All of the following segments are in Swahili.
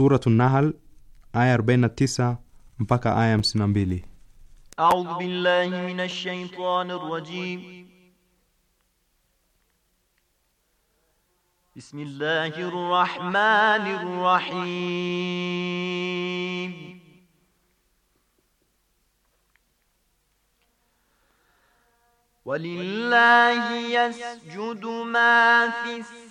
Suratu Nahl aya 49 mpaka aya 52. A'udhu billahi minash shaitani rrajim. Bismillahir rahmanir rahim. Walillahi yasjudu ma fis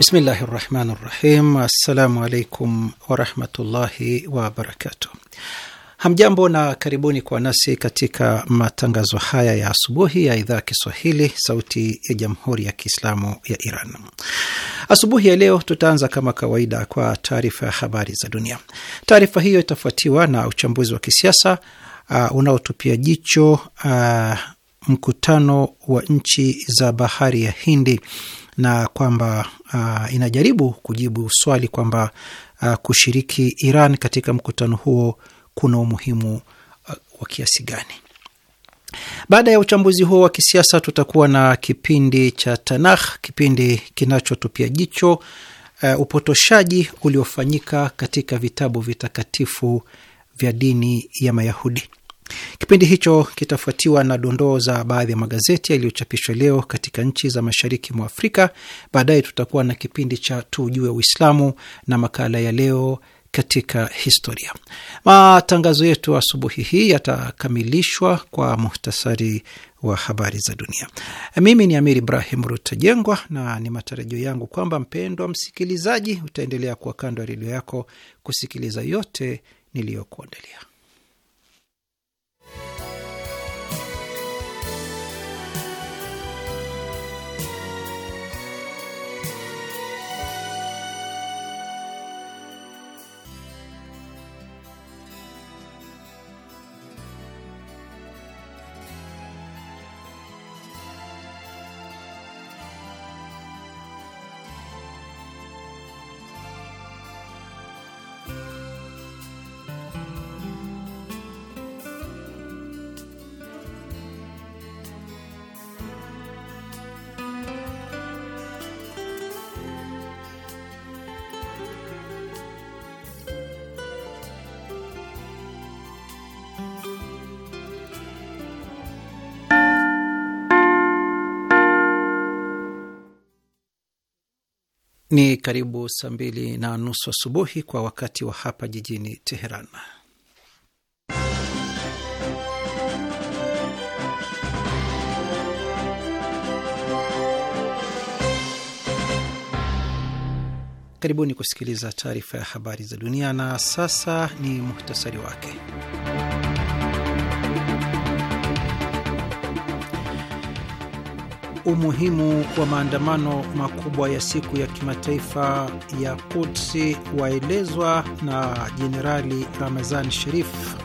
Bismillahi rahmani rahim. Assalamu alaikum warahmatullahi wabarakatu Hamjambo na karibuni kwa nasi katika matangazo haya ya asubuhi ya idhaa ya Kiswahili, Sauti ya Jamhuri ya Kiislamu ya Iran. Asubuhi ya leo tutaanza kama kawaida kwa taarifa ya habari za dunia. Taarifa hiyo itafuatiwa na uchambuzi wa kisiasa uh, unaotupia jicho uh, mkutano wa nchi za bahari ya Hindi na kwamba uh, inajaribu kujibu swali kwamba uh, kushiriki Iran katika mkutano huo kuna umuhimu uh, wa kiasi gani. Baada ya uchambuzi huo wa kisiasa, tutakuwa na kipindi cha Tanakh, kipindi kinachotupia jicho uh, upotoshaji uliofanyika katika vitabu vitakatifu vya dini ya Mayahudi. Kipindi hicho kitafuatiwa na dondoo za baadhi ya magazeti yaliyochapishwa leo katika nchi za mashariki mwa Afrika. Baadaye tutakuwa na kipindi cha tujue Uislamu na makala ya leo katika historia. Matangazo yetu asubuhi hii yatakamilishwa kwa muhtasari wa habari za dunia. Mimi ni Amir Ibrahim Rutajengwa, na ni matarajio yangu kwamba mpendwa msikilizaji utaendelea kuwa kando ya redio yako kusikiliza yote niliyokuandalia. Ni karibu saa mbili na nusu asubuhi kwa wakati wa hapa jijini Teheran. Karibuni kusikiliza taarifa ya habari za dunia, na sasa ni muhtasari wake. umuhimu wa maandamano makubwa ya siku ya kimataifa ya Kutsi waelezwa na Jenerali Ramazan Sherif.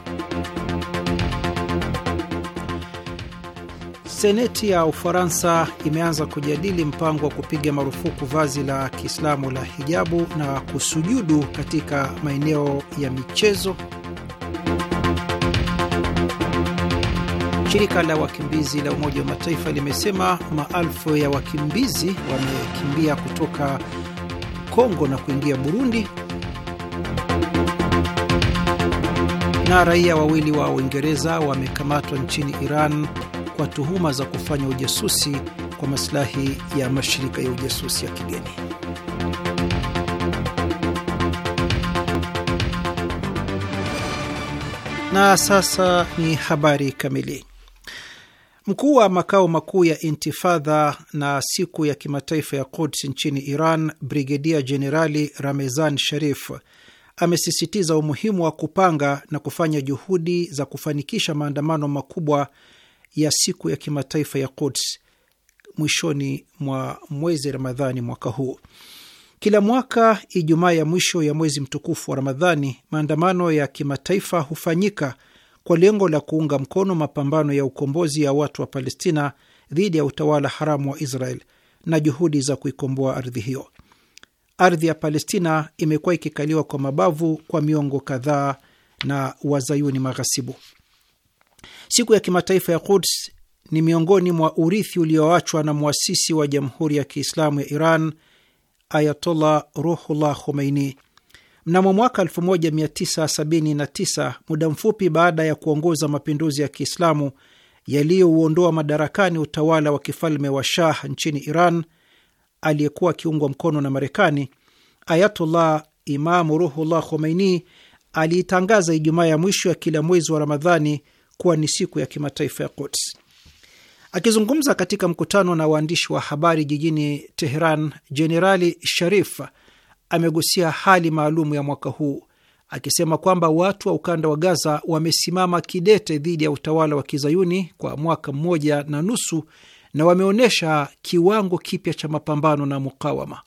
Seneti ya Ufaransa imeanza kujadili mpango wa kupiga marufuku vazi la Kiislamu la hijabu na kusujudu katika maeneo ya michezo. Shirika la wakimbizi la Umoja wa Mataifa limesema maelfu ya wakimbizi wamekimbia kutoka Kongo na kuingia Burundi. Na raia wawili wa Uingereza wamekamatwa nchini Iran kwa tuhuma za kufanya ujasusi kwa masilahi ya mashirika ya ujasusi ya kigeni. Na sasa ni habari kamili. Mkuu wa makao makuu ya Intifadha na siku ya kimataifa ya Quds nchini Iran, Brigedia Jenerali Ramezan Sharif amesisitiza umuhimu wa kupanga na kufanya juhudi za kufanikisha maandamano makubwa ya siku ya kimataifa ya Quds mwishoni mwa mwezi Ramadhani mwaka huu. Kila mwaka Ijumaa ya mwisho ya mwezi mtukufu wa Ramadhani, maandamano ya kimataifa hufanyika kwa lengo la kuunga mkono mapambano ya ukombozi ya watu wa Palestina dhidi ya utawala haramu wa Israel na juhudi za kuikomboa ardhi hiyo. Ardhi ya Palestina imekuwa ikikaliwa kwa mabavu kwa miongo kadhaa na wazayuni maghasibu. Siku ya kimataifa ya Quds ni miongoni mwa urithi ulioachwa na mwasisi wa Jamhuri ya Kiislamu ya Iran Ayatollah Ruhullah Khomeini Mnamo mwaka 1979 muda mfupi baada ya kuongoza mapinduzi ya Kiislamu yaliyouondoa madarakani utawala wa kifalme wa Shah nchini Iran aliyekuwa akiungwa mkono na Marekani, Ayatullah Imamu Ruhullah Khomeini aliitangaza Ijumaa ya mwisho ya kila mwezi wa Ramadhani kuwa ni siku ya kimataifa ya Quds. Akizungumza katika mkutano na waandishi wa habari jijini Teheran, Jenerali Sharif amegusia hali maalumu ya mwaka huu akisema kwamba watu wa ukanda wa Gaza wamesimama kidete dhidi ya utawala wa kizayuni kwa mwaka mmoja na nusu na wameonyesha kiwango kipya cha mapambano na mukawama.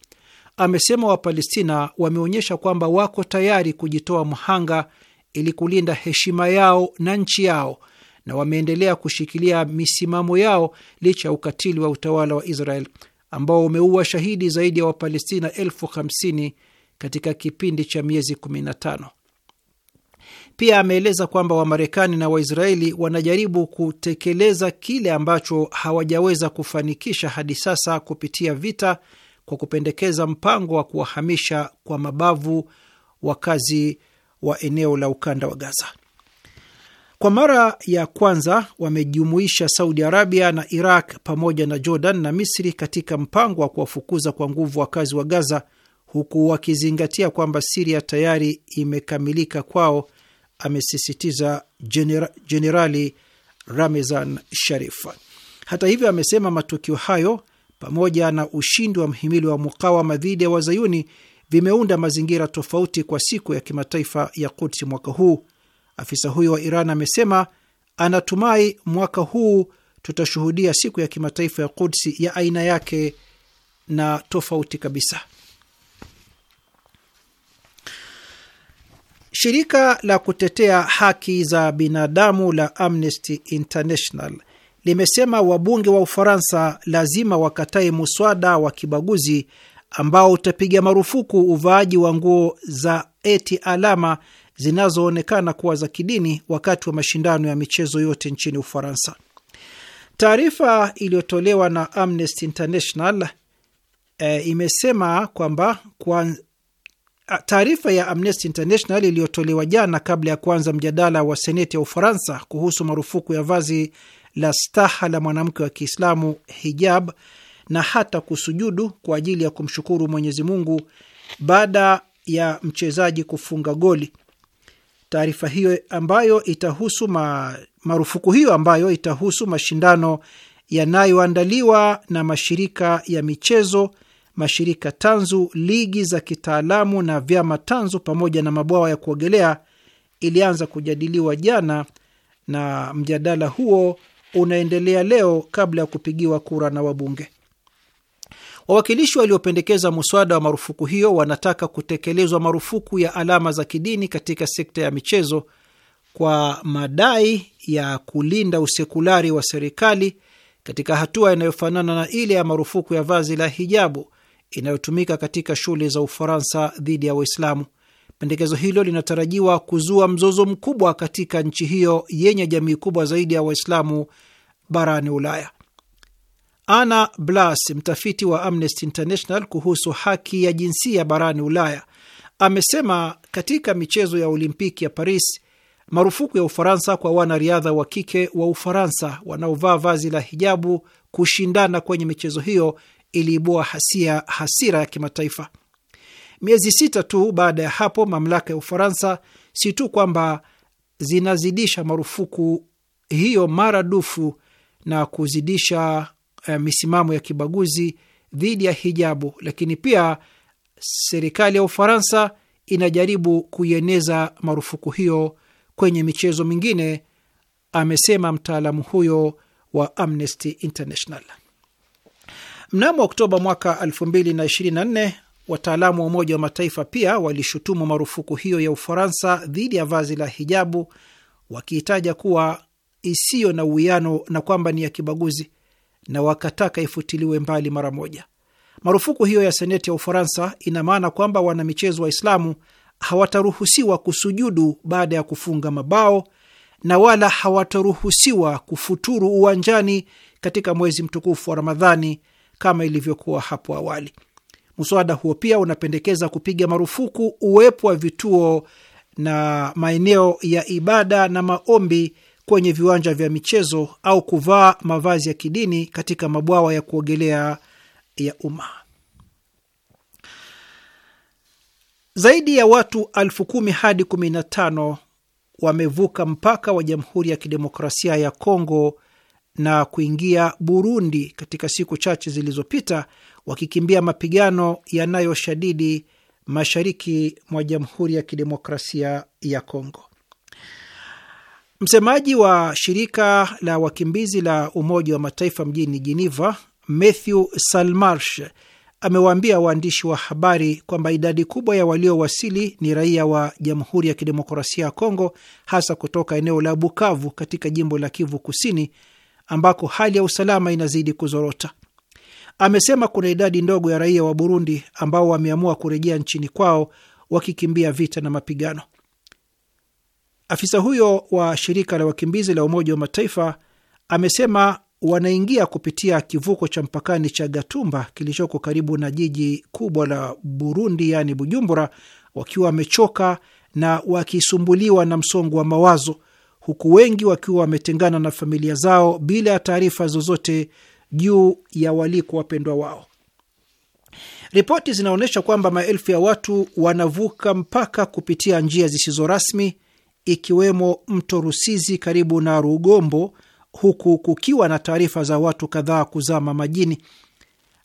Amesema Wapalestina wameonyesha kwamba wako tayari kujitoa mhanga ili kulinda heshima yao na nchi yao, na wameendelea kushikilia misimamo yao licha ya ukatili wa utawala wa Israel ambao umeua shahidi zaidi ya Wapalestina elfu hamsini katika kipindi cha miezi 15. Pia ameeleza kwamba Wamarekani na Waisraeli wanajaribu kutekeleza kile ambacho hawajaweza kufanikisha hadi sasa kupitia vita, kwa kupendekeza mpango wa kuwahamisha kwa mabavu wakazi wa eneo la ukanda wa Gaza. Kwa mara ya kwanza wamejumuisha Saudi Arabia na Iraq pamoja na Jordan na Misri katika mpango wa kuwafukuza kwa nguvu wakazi wa Gaza, huku wakizingatia kwamba Siria tayari imekamilika kwao, amesisitiza Jenerali Ramezan Sharif. Hata hivyo, amesema matukio hayo pamoja na ushindi wa mhimili wa mukawama dhidi ya wazayuni vimeunda mazingira tofauti kwa siku ya kimataifa ya Kudsi mwaka huu Afisa huyo wa Iran amesema anatumai mwaka huu tutashuhudia siku ya kimataifa ya Kudsi ya aina yake na tofauti kabisa. Shirika la kutetea haki za binadamu la Amnesty International limesema wabunge wa Ufaransa lazima wakatae muswada wa kibaguzi ambao utapiga marufuku uvaaji wa nguo za eti alama zinazoonekana kuwa za kidini wakati wa mashindano ya michezo yote nchini Ufaransa. Taarifa iliyotolewa na Amnesty International e, imesema kwamba kwa taarifa ya Amnesty International iliyotolewa jana kabla ya kuanza mjadala wa seneti ya Ufaransa kuhusu marufuku ya vazi la staha la mwanamke wa Kiislamu, hijab, na hata kusujudu kwa ajili ya kumshukuru Mwenyezi Mungu baada ya mchezaji kufunga goli Taarifa hiyo ambayo itahusu ma, marufuku hiyo ambayo itahusu mashindano yanayoandaliwa na mashirika ya michezo, mashirika tanzu, ligi za kitaalamu na vyama tanzu pamoja na mabwawa ya kuogelea ilianza kujadiliwa jana na mjadala huo unaendelea leo kabla ya kupigiwa kura na wabunge. Wawakilishi waliopendekeza muswada wa marufuku hiyo wanataka kutekelezwa marufuku ya alama za kidini katika sekta ya michezo kwa madai ya kulinda usekulari wa serikali katika hatua inayofanana na ile ya marufuku ya vazi la hijabu inayotumika katika shule za Ufaransa dhidi ya Waislamu. Pendekezo hilo linatarajiwa kuzua mzozo mkubwa katika nchi hiyo yenye jamii kubwa zaidi ya Waislamu barani Ulaya. Anna Blas, mtafiti wa Amnesty International kuhusu haki ya jinsia barani Ulaya, amesema katika michezo ya Olimpiki ya Paris, marufuku ya Ufaransa kwa wanariadha wa kike wa Ufaransa wanaovaa vazi la hijabu kushindana kwenye michezo hiyo iliibua hasia hasira ya kimataifa. Miezi sita tu baada ya hapo, mamlaka ya Ufaransa si tu kwamba zinazidisha marufuku hiyo maradufu na kuzidisha uh, misimamo ya kibaguzi dhidi ya hijabu, lakini pia serikali ya Ufaransa inajaribu kuieneza marufuku hiyo kwenye michezo mingine, amesema mtaalamu huyo wa Amnesty International. Mnamo Oktoba mwaka 2024 wataalamu wa Umoja wa Mataifa pia walishutumu marufuku hiyo ya Ufaransa dhidi ya vazi la hijabu, wakiitaja kuwa isiyo na uwiano na kwamba ni ya kibaguzi na wakataka ifutiliwe mbali mara moja. Marufuku hiyo ya seneti ya Ufaransa ina maana kwamba wanamichezo Waislamu hawataruhusiwa kusujudu baada ya kufunga mabao na wala hawataruhusiwa kufuturu uwanjani katika mwezi mtukufu wa Ramadhani kama ilivyokuwa hapo awali. Mswada huo pia unapendekeza kupiga marufuku uwepo wa vituo na maeneo ya ibada na maombi kwenye viwanja vya michezo au kuvaa mavazi ya kidini katika mabwawa ya kuogelea ya umma. Zaidi ya watu elfu kumi hadi 15 wamevuka mpaka wa Jamhuri ya Kidemokrasia ya Kongo na kuingia Burundi katika siku chache zilizopita wakikimbia mapigano yanayoshadidi mashariki mwa Jamhuri ya Kidemokrasia ya Kongo. Msemaji wa shirika la wakimbizi la Umoja wa Mataifa mjini Geneva, Matthew Salmarsh, amewaambia waandishi wa habari kwamba idadi kubwa ya waliowasili ni raia wa Jamhuri ya Kidemokrasia ya Kongo, hasa kutoka eneo la Bukavu katika jimbo la Kivu Kusini, ambako hali ya usalama inazidi kuzorota. Amesema kuna idadi ndogo ya raia wa Burundi ambao wameamua kurejea nchini kwao wakikimbia vita na mapigano. Afisa huyo wa shirika la wakimbizi la Umoja wa Mataifa amesema wanaingia kupitia kivuko cha mpakani cha Gatumba kilichoko karibu na jiji kubwa la Burundi, yaani Bujumbura, wakiwa wamechoka na wakisumbuliwa na msongo wa mawazo, huku wengi wakiwa wametengana na familia zao bila ya taarifa zozote juu ya waliko wapendwa wao. Ripoti zinaonyesha kwamba maelfu ya watu wanavuka mpaka kupitia njia zisizo rasmi ikiwemo mto Rusizi karibu na Rugombo, huku kukiwa na taarifa za watu kadhaa kuzama majini.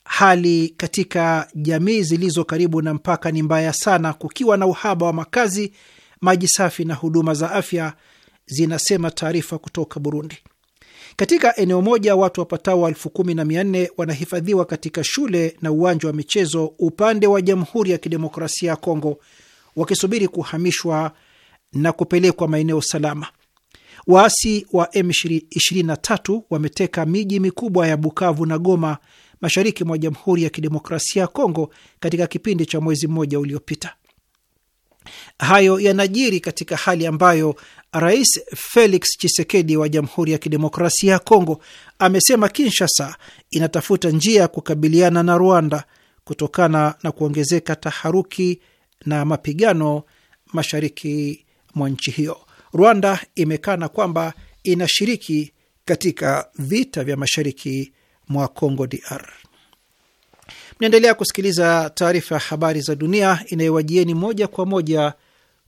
Hali katika jamii zilizo karibu na mpaka ni mbaya sana, kukiwa na uhaba wa makazi, maji safi na huduma za afya, zinasema taarifa kutoka Burundi. Katika eneo moja watu wapatao elfu kumi na mia nne wanahifadhiwa katika shule na uwanja wa michezo upande wa Jamhuri ya Kidemokrasia ya Kongo wakisubiri kuhamishwa na kupelekwa maeneo salama. Waasi wa M23 wameteka miji mikubwa ya Bukavu na Goma mashariki mwa Jamhuri ya Kidemokrasia ya Kongo katika kipindi cha mwezi mmoja uliopita. Hayo yanajiri katika hali ambayo Rais Felix Tshisekedi wa Jamhuri ya Kidemokrasia ya Kongo amesema Kinshasa inatafuta njia ya kukabiliana na Rwanda kutokana na kuongezeka taharuki na mapigano mashariki mwa nchi hiyo. Rwanda imekana kwamba inashiriki katika vita vya mashariki mwa Congo DR. Mnaendelea kusikiliza taarifa ya habari za dunia inayowajieni moja kwa moja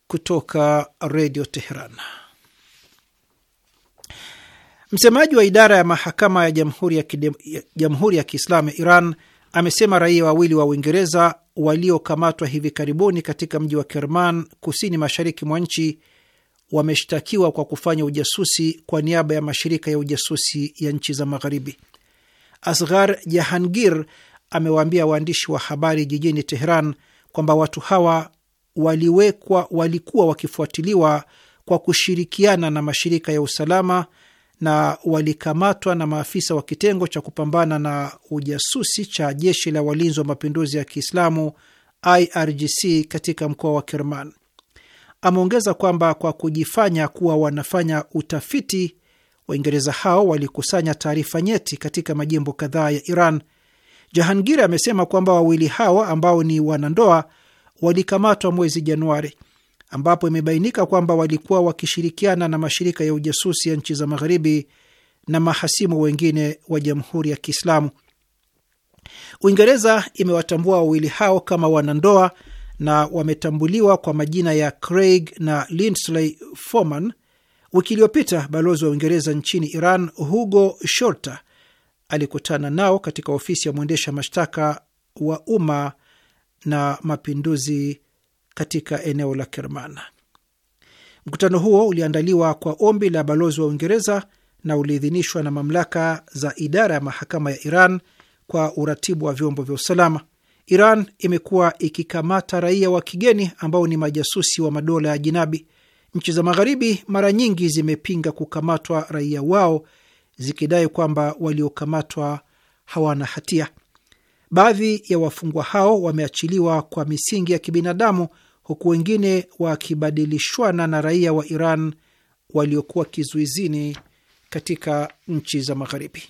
kutoka redio Teheran. Msemaji wa idara ya mahakama ya Jamhuri ya Kiislamu ya Iran amesema raia wawili wa Uingereza waliokamatwa hivi karibuni katika mji wa Kerman, kusini mashariki mwa nchi, wameshtakiwa kwa kufanya ujasusi kwa niaba ya mashirika ya ujasusi ya nchi za Magharibi. Asghar Jahangir amewaambia waandishi wa habari jijini Teheran kwamba watu hawa waliwekwa, walikuwa wakifuatiliwa kwa kushirikiana na mashirika ya usalama na walikamatwa na maafisa wa kitengo cha kupambana na ujasusi cha jeshi la walinzi wa mapinduzi ya Kiislamu IRGC katika mkoa wa Kerman. Ameongeza kwamba kwa kujifanya kuwa wanafanya utafiti, Waingereza hao walikusanya taarifa nyeti katika majimbo kadhaa ya Iran. Jahangiri amesema kwamba wawili hao ambao ni wanandoa walikamatwa mwezi Januari ambapo imebainika kwamba walikuwa wakishirikiana na mashirika ya ujasusi ya nchi za Magharibi na mahasimu wengine wa Jamhuri ya Kiislamu. Uingereza imewatambua wawili hao kama wanandoa na wametambuliwa kwa majina ya Craig na Lindsley Foreman. Wiki iliyopita balozi wa Uingereza nchini Iran, Hugo Shorter, alikutana nao katika ofisi ya mwendesha mashtaka wa umma na mapinduzi katika eneo la Kerman. Mkutano huo uliandaliwa kwa ombi la balozi wa Uingereza na uliidhinishwa na mamlaka za idara ya mahakama ya Iran kwa uratibu wa vyombo vya usalama. Iran imekuwa ikikamata raia wa kigeni ambao ni majasusi wa madola ya jinabi. Nchi za Magharibi mara nyingi zimepinga kukamatwa raia wao zikidai kwamba waliokamatwa hawana hatia. Baadhi ya wafungwa hao wameachiliwa kwa misingi ya kibinadamu huku wengine wakibadilishwana na raia wa Iran waliokuwa kizuizini katika nchi za Magharibi.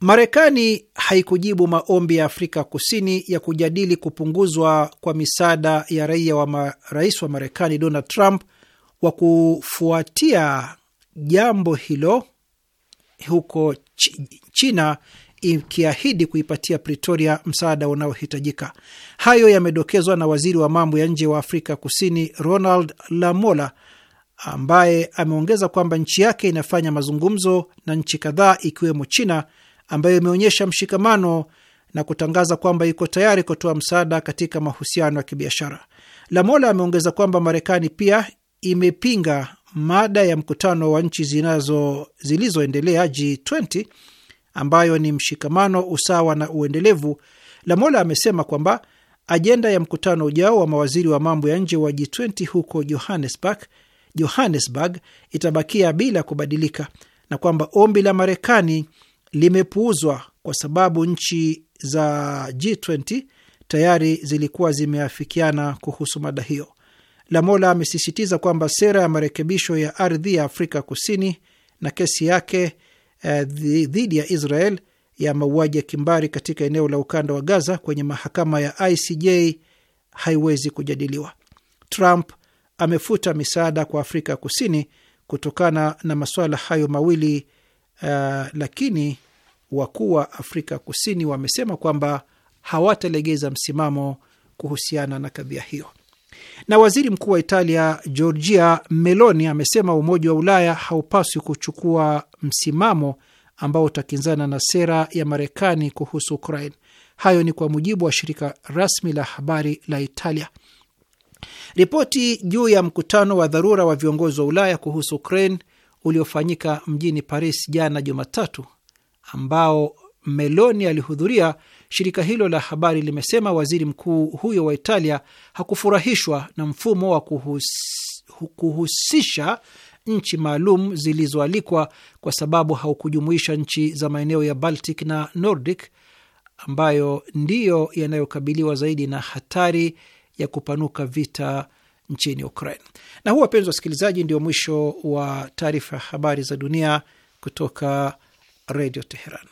Marekani haikujibu maombi ya Afrika Kusini ya kujadili kupunguzwa kwa misaada ya raia wa ma, rais wa Marekani Donald Trump wa kufuatia jambo hilo huko China ikiahidi kuipatia Pretoria msaada unaohitajika. Hayo yamedokezwa na waziri wa mambo ya nje wa Afrika Kusini Ronald Lamola ambaye ameongeza kwamba nchi yake inafanya mazungumzo na nchi kadhaa ikiwemo China ambayo imeonyesha mshikamano na kutangaza kwamba iko tayari kutoa msaada katika mahusiano ya kibiashara. Lamola ameongeza kwamba Marekani pia imepinga mada ya mkutano wa nchi zilizoendelea G20 ambayo ni mshikamano, usawa na uendelevu, Lamola amesema kwamba ajenda ya mkutano ujao wa mawaziri wa mambo ya nje wa G20 huko Johannesburg, Johannesburg itabakia bila kubadilika na kwamba ombi la Marekani limepuuzwa kwa sababu nchi za G20 tayari zilikuwa zimeafikiana kuhusu mada hiyo. Lamola amesisitiza kwamba sera ya marekebisho ya ardhi ya Afrika Kusini na kesi yake Eh, dhidi ya Israel ya mauaji ya kimbari katika eneo la ukanda wa Gaza kwenye mahakama ya ICJ haiwezi kujadiliwa. Trump amefuta misaada kwa Afrika ya Kusini kutokana na masuala hayo mawili uh, lakini wakuu wa Afrika Kusini wamesema kwamba hawatalegeza msimamo kuhusiana na kadhia hiyo. Na waziri mkuu wa Italia Giorgia Meloni amesema Umoja wa Ulaya haupaswi kuchukua msimamo ambao utakinzana na sera ya Marekani kuhusu Ukraine. Hayo ni kwa mujibu wa shirika rasmi la habari la Italia. Ripoti juu ya mkutano wa dharura wa viongozi wa Ulaya kuhusu Ukraine uliofanyika mjini Paris jana Jumatatu, ambao Meloni alihudhuria Shirika hilo la habari limesema waziri mkuu huyo wa Italia hakufurahishwa na mfumo wa kuhus, kuhusisha nchi maalum zilizoalikwa kwa sababu haukujumuisha nchi za maeneo ya Baltic na Nordic ambayo ndiyo yanayokabiliwa zaidi na hatari ya kupanuka vita nchini Ukraine. Na huu, wapenzi wasikilizaji, ndio mwisho wa taarifa ya habari za dunia kutoka Redio Teheran.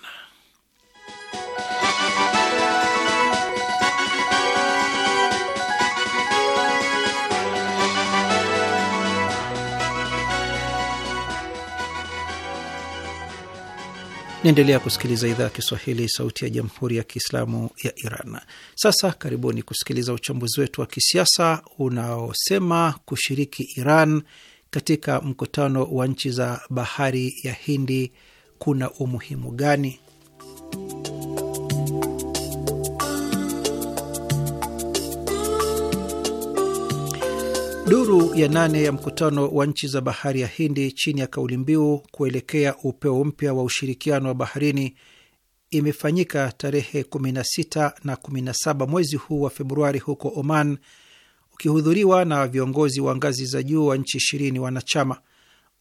Naendelea kusikiliza idhaa ya Kiswahili, sauti ya jamhuri ya kiislamu ya Iran. Sasa karibuni kusikiliza uchambuzi wetu wa kisiasa unaosema kushiriki Iran katika mkutano wa nchi za bahari ya Hindi kuna umuhimu gani? Duru ya nane ya mkutano wa nchi za bahari ya Hindi chini ya kauli mbiu kuelekea upeo mpya wa ushirikiano wa baharini imefanyika tarehe 16 na 17 mwezi huu wa Februari huko Oman, ukihudhuriwa na viongozi wa ngazi za juu wa nchi ishirini wanachama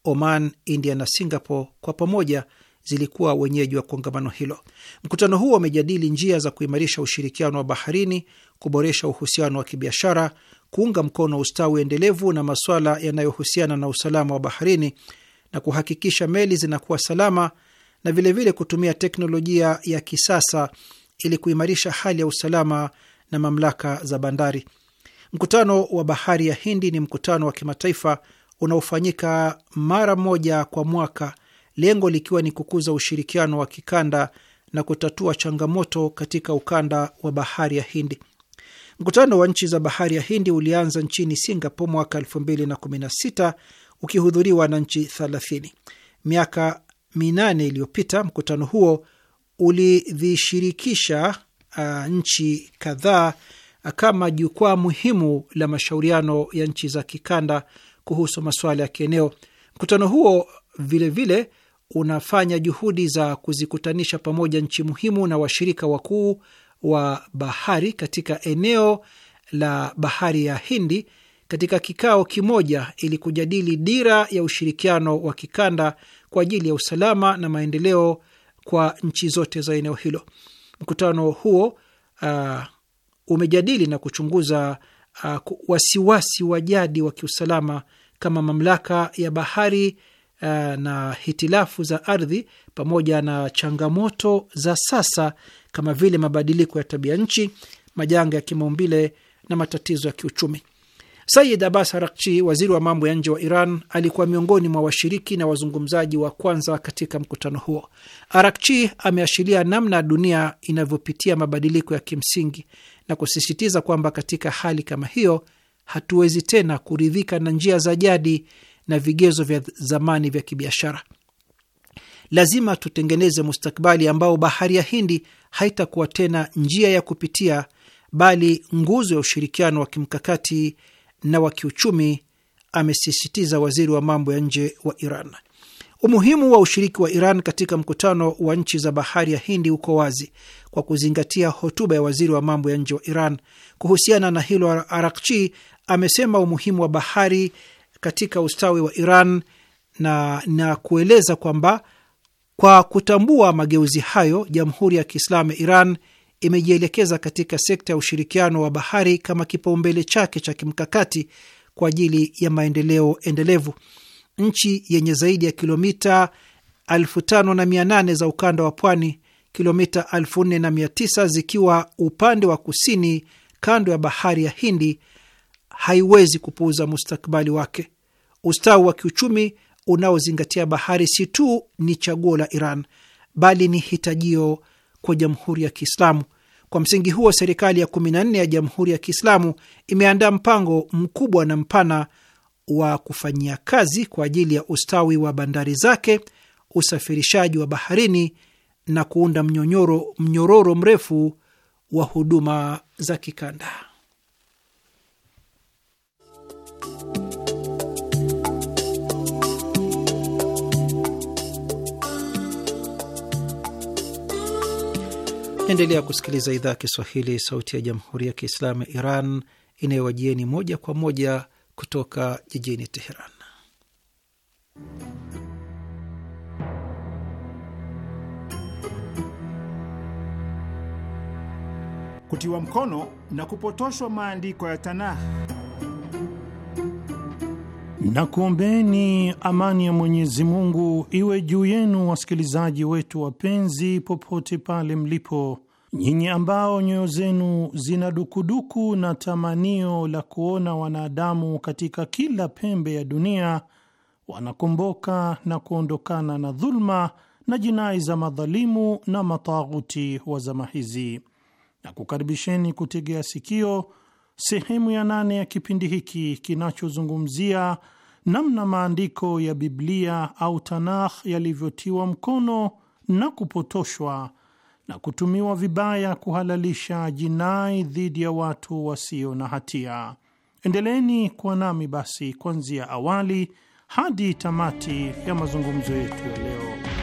Oman, India na Singapore kwa pamoja zilikuwa wenyeji wa kongamano hilo. Mkutano huo umejadili njia za kuimarisha ushirikiano wa baharini, kuboresha uhusiano wa kibiashara, kuunga mkono ustawi endelevu na maswala yanayohusiana na usalama wa baharini na kuhakikisha meli zinakuwa salama na vilevile vile kutumia teknolojia ya kisasa ili kuimarisha hali ya usalama na mamlaka za bandari. Mkutano wa bahari ya Hindi ni mkutano wa kimataifa unaofanyika mara moja kwa mwaka lengo likiwa ni kukuza ushirikiano wa kikanda na kutatua changamoto katika ukanda wa bahari ya Hindi. Mkutano wa nchi za bahari ya Hindi ulianza nchini Singapore mwaka 2016 ukihudhuriwa na nchi 30. Miaka minane iliyopita mkutano huo ulidhishirikisha uh, nchi kadhaa uh, kama jukwaa muhimu la mashauriano ya nchi za kikanda kuhusu masuala ya kieneo. Mkutano huo vilevile unafanya juhudi za kuzikutanisha pamoja nchi muhimu na washirika wakuu wa bahari katika eneo la bahari ya Hindi katika kikao kimoja ili kujadili dira ya ushirikiano wa kikanda kwa ajili ya usalama na maendeleo kwa nchi zote za eneo hilo. Mkutano huo uh, umejadili na kuchunguza uh, wasiwasi wa jadi wa kiusalama kama mamlaka ya bahari Eh, na hitilafu za ardhi pamoja na changamoto za sasa kama vile mabadiliko ya tabia nchi, majanga ya kimaumbile na matatizo ya kiuchumi. Sayid Abbas Arakchi, waziri wa mambo ya nje wa Iran, alikuwa miongoni mwa washiriki na wazungumzaji wa kwanza katika mkutano huo. Arakchi ameashiria namna dunia inavyopitia mabadiliko ya kimsingi na kusisitiza kwamba katika hali kama hiyo hatuwezi tena kuridhika na njia za jadi na vigezo vya zamani vya kibiashara. Lazima tutengeneze mustakabali ambao bahari ya Hindi haitakuwa tena njia ya kupitia, bali nguzo ya ushirikiano wa kimkakati na wa kiuchumi, amesisitiza waziri wa mambo ya nje wa Iran. Umuhimu wa ushiriki wa Iran katika mkutano wa nchi za bahari ya Hindi uko wazi kwa kuzingatia hotuba ya waziri wa mambo ya nje wa Iran. Kuhusiana na hilo, Arakchi amesema umuhimu wa bahari katika ustawi wa Iran na, na kueleza kwamba kwa kutambua mageuzi hayo, Jamhuri ya Kiislamu ya Iran imejielekeza katika sekta ya ushirikiano wa bahari kama kipaumbele chake cha kimkakati kwa ajili ya maendeleo endelevu. Nchi yenye zaidi ya kilomita 5800 za ukanda wa pwani, kilomita 4900 zikiwa upande wa kusini kando ya bahari ya Hindi haiwezi kupuuza mustakabali wake. Ustawi wa kiuchumi unaozingatia bahari si tu ni chaguo la Iran bali ni hitajio kwa Jamhuri ya Kiislamu. Kwa msingi huo, serikali ya 14 ya Jamhuri ya Kiislamu imeandaa mpango mkubwa na mpana wa kufanyia kazi kwa ajili ya ustawi wa bandari zake, usafirishaji wa baharini na kuunda mnyonyoro, mnyororo mrefu wa huduma za kikanda. endelea kusikiliza idhaa ya Kiswahili, sauti ya jamhuri ya kiislamu ya Iran inayowajieni moja kwa moja kutoka jijini Teheran. Kutiwa mkono na kupotoshwa maandiko ya Tanakh na kuombeni amani ya Mwenyezi Mungu iwe juu yenu, wasikilizaji wetu wapenzi, popote pale mlipo, nyinyi ambao nyoyo zenu zina dukuduku na tamanio la kuona wanadamu katika kila pembe ya dunia wanakomboka na kuondokana na dhuluma na jinai za madhalimu na mataghuti wa zama hizi, na kukaribisheni kutegea sikio sehemu ya nane ya kipindi hiki kinachozungumzia namna maandiko ya Biblia au Tanakh yalivyotiwa mkono na kupotoshwa na kutumiwa vibaya kuhalalisha jinai dhidi ya watu wasio na hatia. Endeleeni kuwa nami basi kuanzia awali hadi tamati ya mazungumzo yetu ya leo.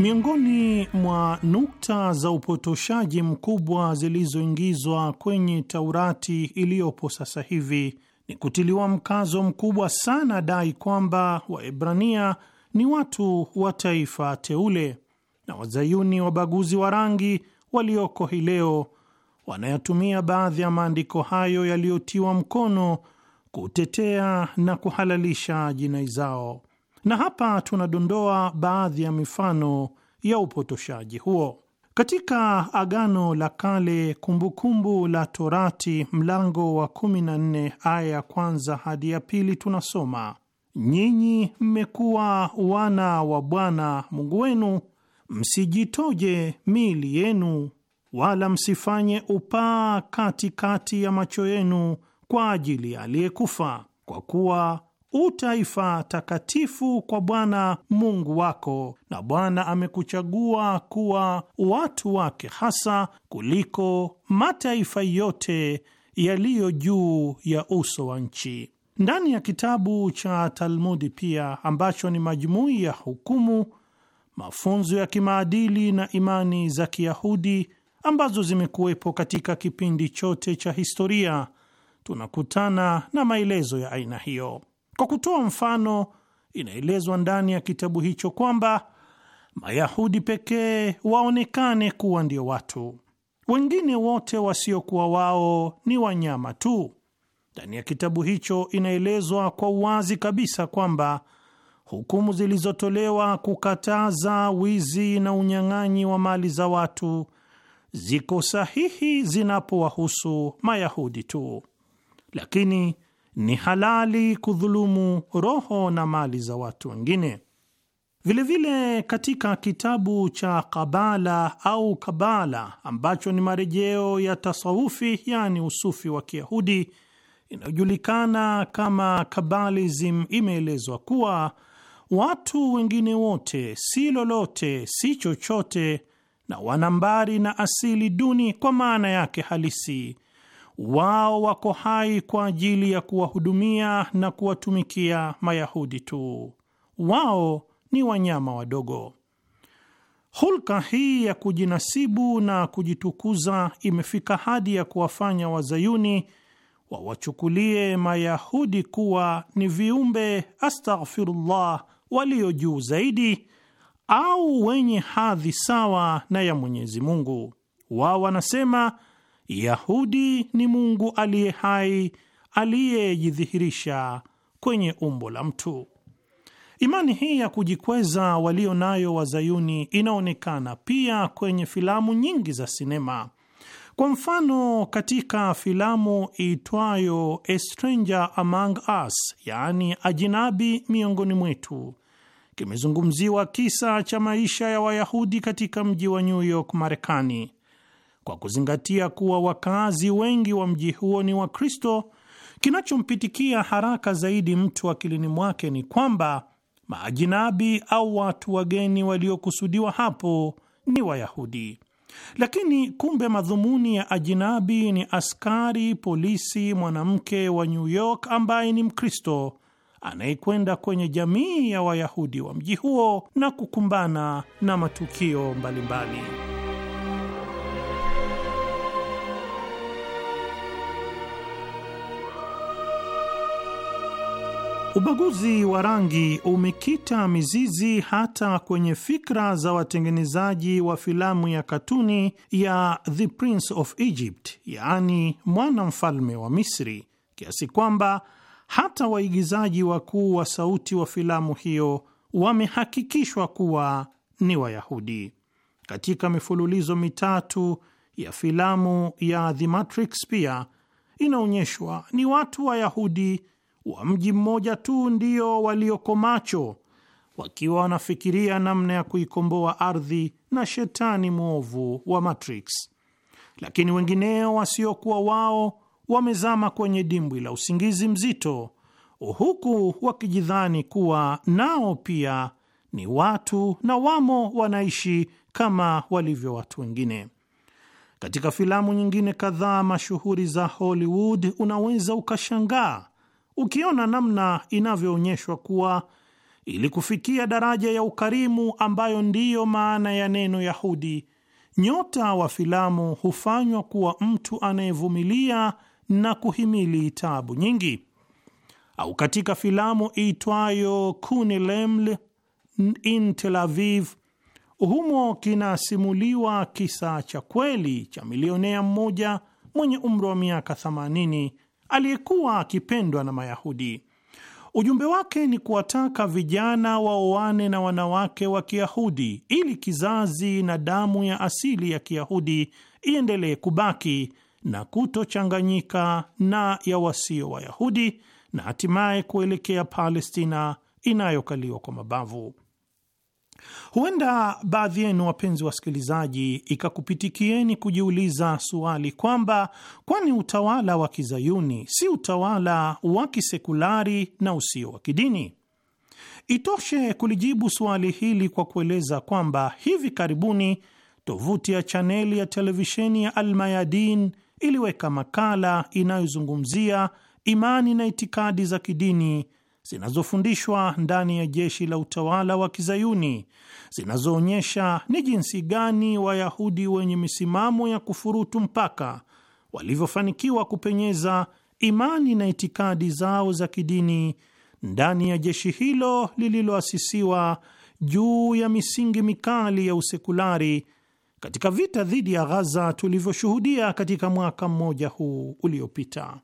Miongoni mwa nukta za upotoshaji mkubwa zilizoingizwa kwenye Taurati iliyopo sasa hivi ni kutiliwa mkazo mkubwa sana dai kwamba Waebrania ni watu wa taifa teule, na wazayuni wabaguzi wa rangi walioko hii leo wanayatumia baadhi ya maandiko hayo yaliyotiwa mkono kutetea na kuhalalisha jinai zao. Na hapa tunadondoa baadhi ya mifano ya upotoshaji huo. Katika Agano la Kale, Kumbukumbu la Torati mlango wa 14 aya ya kwanza hadi ya pili tunasoma, nyinyi mmekuwa wana wa Bwana Mungu wenu, msijitoje miili yenu, wala msifanye upaa katikati ya macho yenu kwa ajili aliyekufa, kwa kuwa utaifa takatifu kwa Bwana Mungu wako, na Bwana amekuchagua kuwa watu wake hasa kuliko mataifa yote yaliyo juu ya uso wa nchi. Ndani ya kitabu cha Talmudi pia ambacho ni majumui ya hukumu, mafunzo ya kimaadili na imani za Kiyahudi ambazo zimekuwepo katika kipindi chote cha historia, tunakutana na maelezo ya aina hiyo. Kwa kutoa mfano, inaelezwa ndani ya kitabu hicho kwamba Mayahudi pekee waonekane kuwa ndio watu, wengine wote wasiokuwa wao ni wanyama tu. Ndani ya kitabu hicho inaelezwa kwa uwazi kabisa kwamba hukumu zilizotolewa kukataza wizi na unyang'anyi wa mali za watu ziko sahihi zinapowahusu Mayahudi tu, lakini ni halali kudhulumu roho na mali za watu wengine. Vilevile vile katika kitabu cha Kabala au Kabala ambacho ni marejeo ya tasawufi, yaani usufi wa Kiyahudi inayojulikana kama Kabalism, imeelezwa kuwa watu wengine wote si lolote, si chochote na wanambari na asili duni kwa maana yake halisi wao wako hai kwa ajili ya kuwahudumia na kuwatumikia Mayahudi tu. Wao ni wanyama wadogo. Hulka hii ya kujinasibu na kujitukuza imefika hadi ya kuwafanya wazayuni wawachukulie Mayahudi kuwa ni viumbe, astaghfirullah, walio juu zaidi au wenye hadhi sawa na ya Mwenyezi Mungu. Wao wanasema Yahudi ni Mungu aliye hai aliyejidhihirisha kwenye umbo la mtu. Imani hii ya kujikweza walio nayo wazayuni inaonekana pia kwenye filamu nyingi za sinema. Kwa mfano, katika filamu iitwayo A Stranger Among Us, yaani ajinabi miongoni mwetu, kimezungumziwa kisa cha maisha ya Wayahudi katika mji wa New York, Marekani. Kwa kuzingatia kuwa wakazi wengi wa mji huo ni Wakristo, kinachompitikia haraka zaidi mtu akilini mwake ni kwamba maajinabi au watu wageni waliokusudiwa hapo ni Wayahudi. Lakini kumbe madhumuni ya ajinabi ni askari polisi mwanamke wa New York ambaye ni Mkristo anayekwenda kwenye jamii ya Wayahudi wa mji huo na kukumbana na matukio mbalimbali mbali. Ubaguzi wa rangi umekita mizizi hata kwenye fikra za watengenezaji wa filamu ya katuni ya The Prince of Egypt, yaani mwana mfalme wa Misri, kiasi kwamba hata waigizaji wakuu wa sauti wa filamu hiyo wamehakikishwa kuwa ni Wayahudi. Katika mifululizo mitatu ya filamu ya The Matrix pia inaonyeshwa ni watu Wayahudi wa mji mmoja tu ndio walioko macho, wakiwa wanafikiria namna ya kuikomboa ardhi na shetani mwovu wa Matrix, lakini wengineo wasiokuwa wao wamezama kwenye dimbwi la usingizi mzito, huku wakijidhani kuwa nao pia ni watu na wamo wanaishi kama walivyo watu wengine. Katika filamu nyingine kadhaa mashuhuri za Hollywood, unaweza ukashangaa Ukiona namna inavyoonyeshwa kuwa ili kufikia daraja ya ukarimu ambayo ndiyo maana ya neno Yahudi, nyota wa filamu hufanywa kuwa mtu anayevumilia na kuhimili taabu nyingi. Au katika filamu iitwayo Kuneleml in Tel Aviv, humo kinasimuliwa kisa cha kweli cha milionea mmoja mwenye umri wa miaka 80 aliyekuwa akipendwa na Mayahudi. Ujumbe wake ni kuwataka vijana waoane na wanawake wa Kiyahudi ili kizazi na damu ya asili ya Kiyahudi iendelee kubaki na kutochanganyika na ya wasio Wayahudi na hatimaye kuelekea Palestina inayokaliwa kwa mabavu. Huenda baadhi yenu wapenzi wasikilizaji, ikakupitikieni kujiuliza suali kwamba kwani utawala wa kizayuni si utawala wa kisekulari na usio wa kidini? Itoshe kulijibu suali hili kwa kueleza kwamba hivi karibuni tovuti ya chaneli ya televisheni ya Almayadin iliweka makala inayozungumzia imani na itikadi za kidini zinazofundishwa ndani ya jeshi la utawala wa kizayuni zinazoonyesha ni jinsi gani Wayahudi wenye misimamo ya kufurutu mpaka walivyofanikiwa kupenyeza imani na itikadi zao za kidini ndani ya jeshi hilo lililoasisiwa juu ya misingi mikali ya usekulari katika vita dhidi ya Ghaza tulivyoshuhudia katika mwaka mmoja huu uliopita.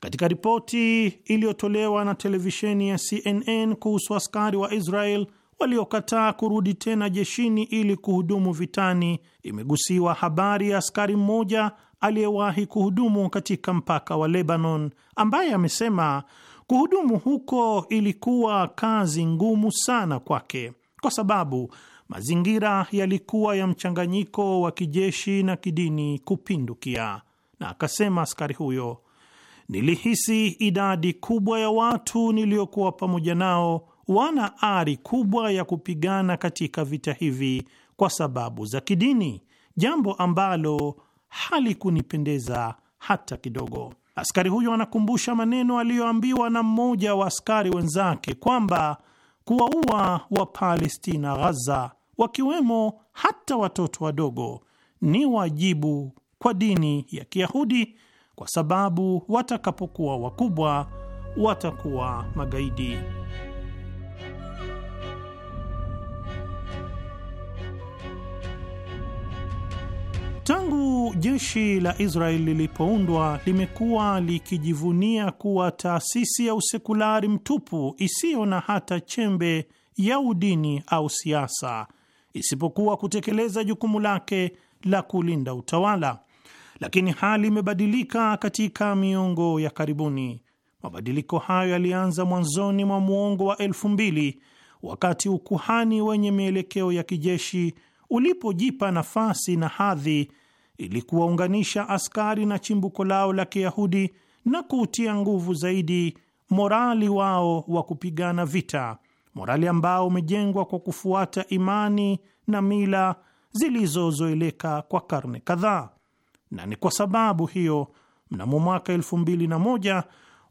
Katika ripoti iliyotolewa na televisheni ya CNN kuhusu askari wa Israel waliokataa kurudi tena jeshini ili kuhudumu vitani, imegusiwa habari ya askari mmoja aliyewahi kuhudumu katika mpaka wa Lebanon, ambaye amesema kuhudumu huko ilikuwa kazi ngumu sana kwake kwa sababu mazingira yalikuwa ya mchanganyiko wa kijeshi na kidini kupindukia, na akasema askari huyo nilihisi idadi kubwa ya watu niliyokuwa pamoja nao wana ari kubwa ya kupigana katika vita hivi kwa sababu za kidini, jambo ambalo halikunipendeza hata kidogo. Askari huyo anakumbusha maneno aliyoambiwa na mmoja wa askari wenzake kwamba kuwaua Wapalestina Ghaza, wakiwemo hata watoto wadogo, ni wajibu kwa dini ya Kiyahudi kwa sababu watakapokuwa wakubwa watakuwa magaidi. Tangu jeshi la israel lilipoundwa limekuwa likijivunia kuwa taasisi ya usekulari mtupu isiyo na hata chembe ya udini au siasa, isipokuwa kutekeleza jukumu lake la kulinda utawala lakini hali imebadilika katika miongo ya karibuni. Mabadiliko hayo yalianza mwanzoni mwa muongo wa elfu mbili wakati ukuhani wenye mielekeo ya kijeshi ulipojipa nafasi na hadhi ili kuwaunganisha askari na chimbuko lao la Kiyahudi na kuutia nguvu zaidi morali wao wa kupigana vita, morali ambao umejengwa kwa kufuata imani na mila zilizozoeleka kwa karne kadhaa na ni kwa sababu hiyo mnamo mwaka elfu mbili na moja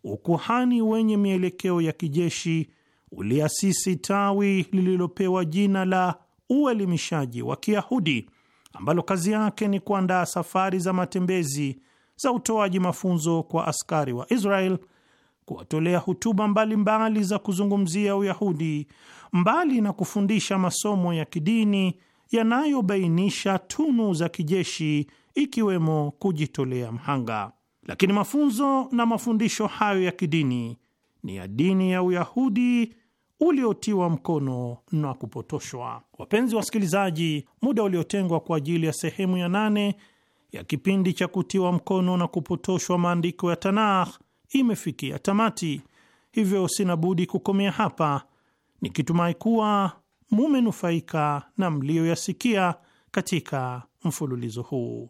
ukuhani wenye mielekeo ya kijeshi uliasisi tawi lililopewa jina la uelimishaji wa Kiyahudi ambalo kazi yake ni kuandaa safari za matembezi za utoaji mafunzo kwa askari wa Israel, kuwatolea hutuba mbalimbali mbali za kuzungumzia Uyahudi, mbali na kufundisha masomo ya kidini yanayobainisha tunu za kijeshi ikiwemo kujitolea mhanga. Lakini mafunzo na mafundisho hayo ya kidini ni ya dini ya Uyahudi uliotiwa mkono na kupotoshwa. Wapenzi wasikilizaji, muda uliotengwa kwa ajili ya sehemu ya nane ya kipindi cha kutiwa mkono na kupotoshwa maandiko ya Tanakh imefikia tamati, hivyo sina budi kukomea hapa nikitumai kuwa mumenufaika na mliyoyasikia katika mfululizo huu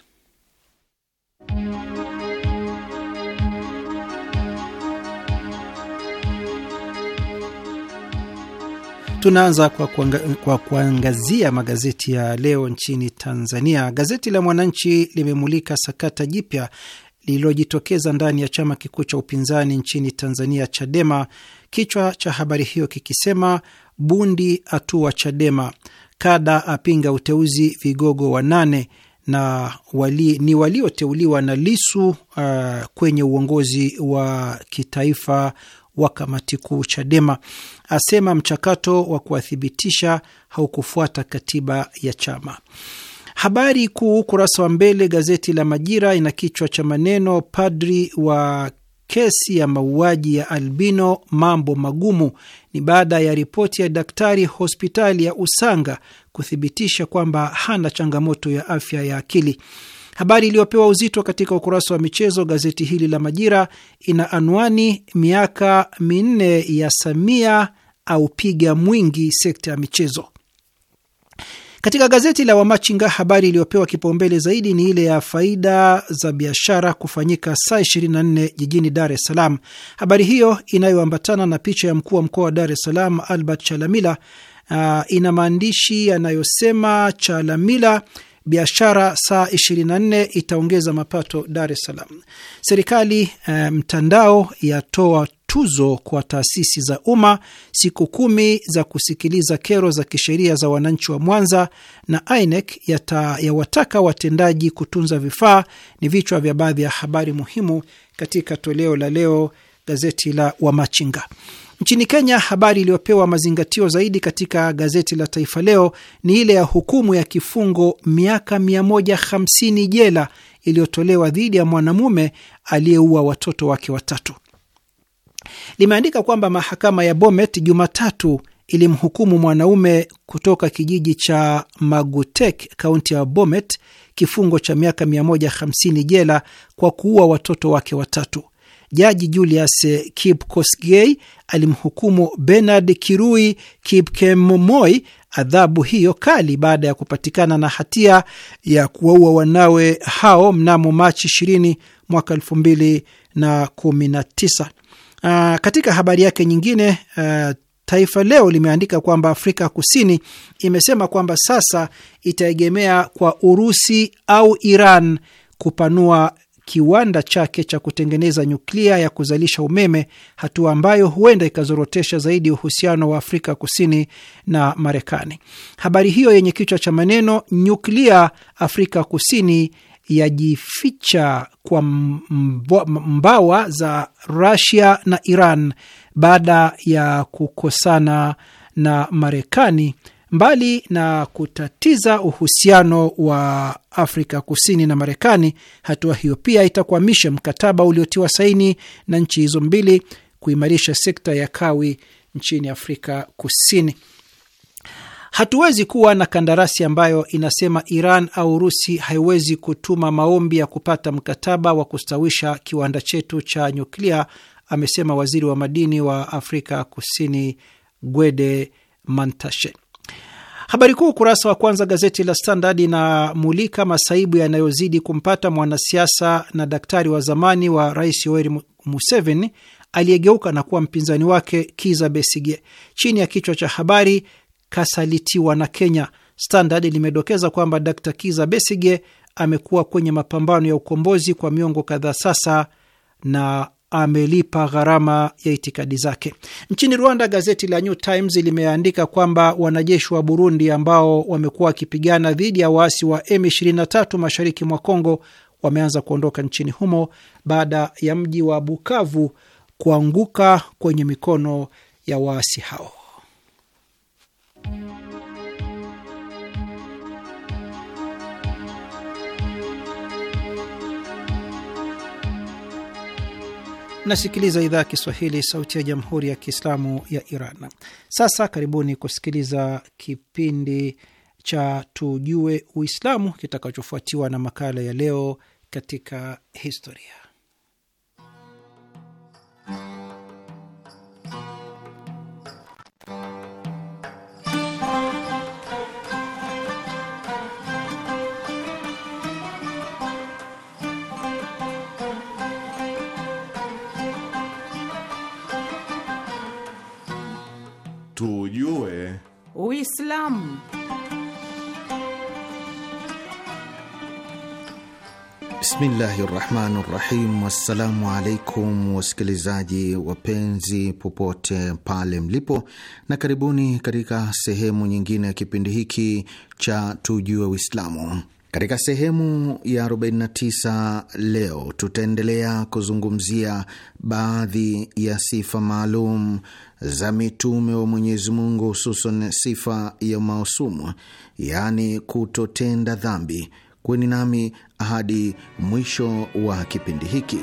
Tunaanza kwa, kuanga, kwa kuangazia magazeti ya leo nchini Tanzania. Gazeti la Mwananchi limemulika sakata jipya lililojitokeza ndani ya chama kikuu cha upinzani nchini Tanzania, Chadema, kichwa cha habari hiyo kikisema bundi atua Chadema, kada apinga uteuzi vigogo nane na wali, ni walioteuliwa na Lisu uh, kwenye uongozi wa kitaifa wa kamati kuu Chadema, asema mchakato wa kuwathibitisha haukufuata katiba ya chama. Habari kuu ukurasa wa mbele gazeti la Majira ina kichwa cha maneno padri wa kesi ya mauaji ya albino mambo magumu. Ni baada ya ripoti ya daktari hospitali ya Usanga kuthibitisha kwamba hana changamoto ya afya ya akili. Habari iliyopewa uzito katika ukurasa wa michezo gazeti hili la Majira ina anwani miaka minne ya Samia au piga mwingi sekta ya michezo. Katika gazeti la Wamachinga, habari iliyopewa kipaumbele zaidi ni ile ya faida za biashara kufanyika saa 24 jijini Dar es Salaam. Habari hiyo inayoambatana na picha ya mkuu wa mkoa wa Dar es Salaam Albert Chalamila, uh, ina maandishi yanayosema Chalamila biashara saa 24 itaongeza mapato Dar es Salaam. Serikali eh, mtandao yatoa tuzo kwa taasisi za umma, siku kumi za kusikiliza kero za kisheria za wananchi wa Mwanza, na INEC yawataka watendaji kutunza vifaa. Ni vichwa vya baadhi ya habari muhimu katika toleo la leo gazeti la Wamachinga. Nchini Kenya, habari iliyopewa mazingatio zaidi katika gazeti la Taifa Leo ni ile ya hukumu ya kifungo miaka 150 jela iliyotolewa dhidi ya mwanamume aliyeua watoto wake watatu. Limeandika kwamba mahakama ya Bomet Jumatatu ilimhukumu mwanaume kutoka kijiji cha Magutek, kaunti ya Bomet, kifungo cha miaka 150 jela kwa kuua watoto wake watatu. Jaji Julius Kipkosgei alimhukumu Bernard Kirui Kipkemmoi adhabu hiyo kali baada ya kupatikana na hatia ya kuwaua wanawe hao mnamo Machi 20 mwaka 2019. Uh, ah, katika habari yake nyingine uh, Taifa Leo limeandika kwamba Afrika Kusini imesema kwamba sasa itaegemea kwa Urusi au Iran kupanua kiwanda chake cha kutengeneza nyuklia ya kuzalisha umeme, hatua ambayo huenda ikazorotesha zaidi uhusiano wa Afrika Kusini na Marekani. Habari hiyo yenye kichwa cha maneno nyuklia Afrika Kusini yajificha kwa mbawa za rasia na Iran baada ya kukosana na Marekani Mbali na kutatiza uhusiano wa Afrika Kusini na Marekani, hatua hiyo pia itakwamisha mkataba uliotiwa saini na nchi hizo mbili kuimarisha sekta ya kawi nchini Afrika Kusini. Hatuwezi kuwa na kandarasi ambayo inasema Iran au rusi haiwezi kutuma maombi ya kupata mkataba wa kustawisha kiwanda chetu cha nyuklia, amesema waziri wa madini wa Afrika Kusini Gwede Mantashe. Habari kuu ukurasa wa kwanza gazeti la Standard inamulika masaibu yanayozidi kumpata mwanasiasa na daktari wa zamani wa rais Yoweri Museveni aliyegeuka na kuwa mpinzani wake Kiza Besige. Chini ya kichwa cha habari kasalitiwa na Kenya, Standard limedokeza kwamba Dkt Kiza Besige amekuwa kwenye mapambano ya ukombozi kwa miongo kadhaa sasa na amelipa gharama ya itikadi zake. Nchini Rwanda, gazeti la New Times limeandika kwamba wanajeshi wa Burundi ambao wamekuwa wakipigana dhidi ya waasi wa M23 mashariki mwa Kongo wameanza kuondoka nchini humo baada ya mji wa Bukavu kuanguka kwenye mikono ya waasi hao. nasikiliza idhaa ya Kiswahili, sauti ya jamhuri ya kiislamu ya Iran. Sasa karibuni kusikiliza kipindi cha Tujue Uislamu kitakachofuatiwa na makala ya Leo katika Historia. tujue Uislamu. Bismillahi rahmani rahim. Wassalamu alaikum wasikilizaji wapenzi popote pale mlipo, na karibuni katika sehemu nyingine ya kipindi hiki cha tujue Uislamu. Katika sehemu ya 49 leo tutaendelea kuzungumzia baadhi ya sifa maalum za mitume wa Mwenyezi Mungu, hususan sifa ya mausumu, yaani kutotenda dhambi. Kweni nami hadi mwisho wa kipindi hiki.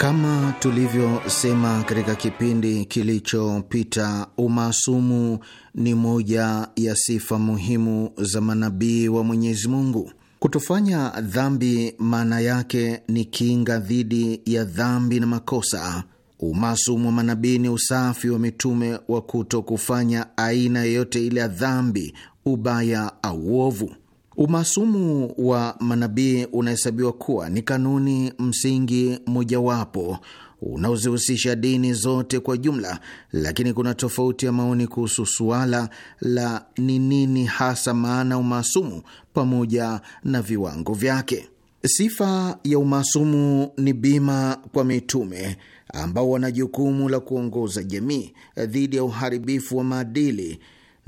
Kama tulivyosema katika kipindi kilichopita, umaasumu ni moja ya sifa muhimu za manabii wa Mwenyezi Mungu. Kutofanya dhambi maana yake ni kinga dhidi ya dhambi na makosa. Umaasumu wa manabii ni usafi wa mitume wa kuto kufanya aina yoyote ile ya dhambi, ubaya au uovu. Umaasumu wa manabii unahesabiwa kuwa ni kanuni msingi mojawapo unaozihusisha dini zote kwa jumla, lakini kuna tofauti ya maoni kuhusu suala la ni nini hasa maana umaasumu pamoja na viwango vyake. Sifa ya umaasumu ni bima kwa mitume ambao wana jukumu la kuongoza jamii dhidi ya uharibifu wa maadili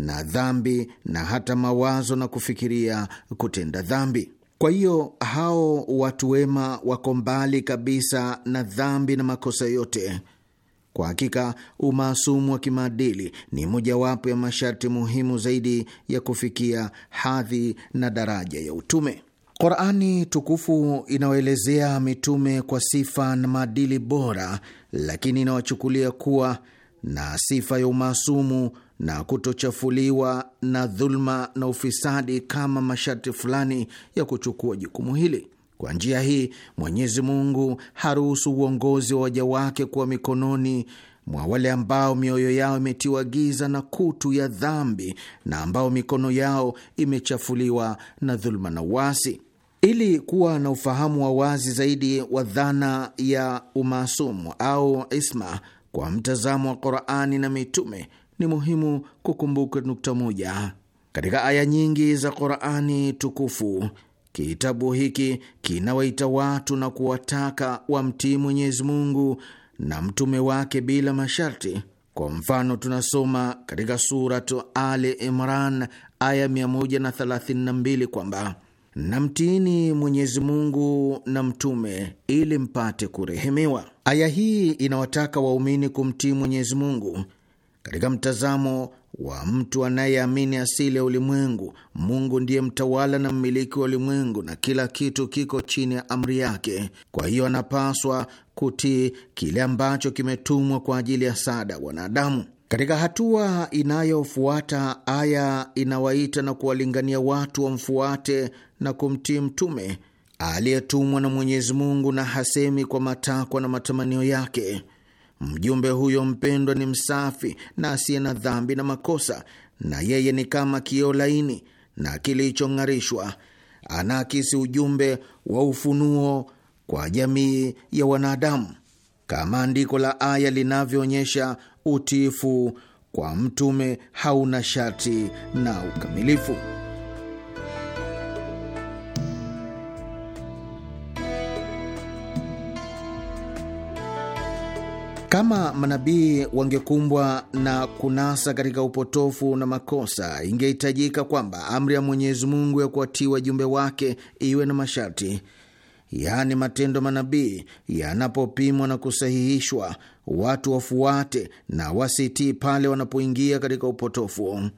na dhambi na hata mawazo na kufikiria kutenda dhambi. Kwa hiyo hao watu wema wako mbali kabisa na dhambi na makosa yote. Kwa hakika umaasumu wa kimaadili ni mojawapo ya masharti muhimu zaidi ya kufikia hadhi na daraja ya utume. Qurani tukufu inawaelezea mitume kwa sifa na maadili bora, lakini inawachukulia kuwa na sifa ya umaasumu na kutochafuliwa na dhuluma na ufisadi kama masharti fulani ya kuchukua jukumu hili. Kwa njia hii, Mwenyezi Mungu haruhusu uongozi wa waja wake kuwa mikononi mwa wale ambao mioyo yao imetiwa giza na kutu ya dhambi na ambao mikono yao imechafuliwa na dhuluma na uasi. Ili kuwa na ufahamu wa wazi zaidi wa dhana ya umaasumu au isma kwa mtazamo wa Qur'ani na mitume ni muhimu kukumbuka nukta moja. Katika aya nyingi za Qurani tukufu kitabu hiki kinawaita watu na kuwataka wamtii Mwenyezi Mungu na mtume wake bila masharti. Kwa mfano, tunasoma katika Suratu Ali Imran aya 132 kwamba namtiini Mwenyezi Mungu na mtume ili mpate kurehemiwa. Aya hii inawataka waumini kumtii Mwenyezi Mungu katika mtazamo wa mtu anayeamini asili ya ulimwengu, Mungu ndiye mtawala na mmiliki wa ulimwengu na kila kitu kiko chini ya amri yake. Kwa hiyo anapaswa kutii kile ambacho kimetumwa kwa ajili ya sada wanadamu. Katika hatua inayofuata, aya inawaita na kuwalingania watu wamfuate na kumtii mtume aliyetumwa na Mwenyezi Mungu, na hasemi kwa matakwa na matamanio yake. Mjumbe huyo mpendwa ni msafi na asiye na dhambi na makosa, na yeye ni kama kio laini na kilichong'arishwa. Anaakisi ujumbe wa ufunuo kwa jamii ya wanadamu, kama andiko la aya linavyoonyesha. Utiifu kwa mtume hauna sharti na ukamilifu. Kama manabii wangekumbwa na kunasa katika upotofu na makosa, ingehitajika kwamba amri ya Mwenyezi Mungu ya kuwatii wajumbe wake iwe na masharti, yaani matendo manabii yanapopimwa na kusahihishwa, watu wafuate na wasitii pale wanapoingia katika upotofu.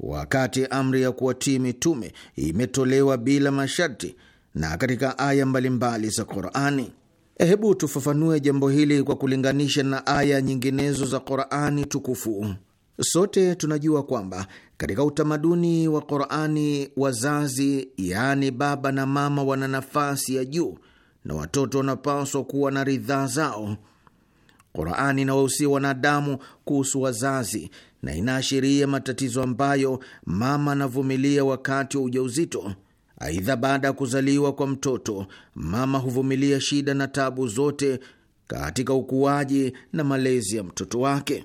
Wakati amri ya kuwatii mitume imetolewa bila masharti na katika aya mbalimbali za Qur'ani Hebu tufafanue jambo hili kwa kulinganisha na aya nyinginezo za Qurani tukufu. Sote tunajua kwamba katika utamaduni wa Qurani wazazi, yaani baba na mama, wana nafasi ya juu na watoto wanapaswa kuwa na ridhaa zao. Qurani inawahusia wanadamu kuhusu wazazi na inaashiria matatizo ambayo mama anavumilia wakati wa ujauzito. Aidha, baada ya kuzaliwa kwa mtoto, mama huvumilia shida na tabu zote katika ukuaji na malezi ya mtoto wake.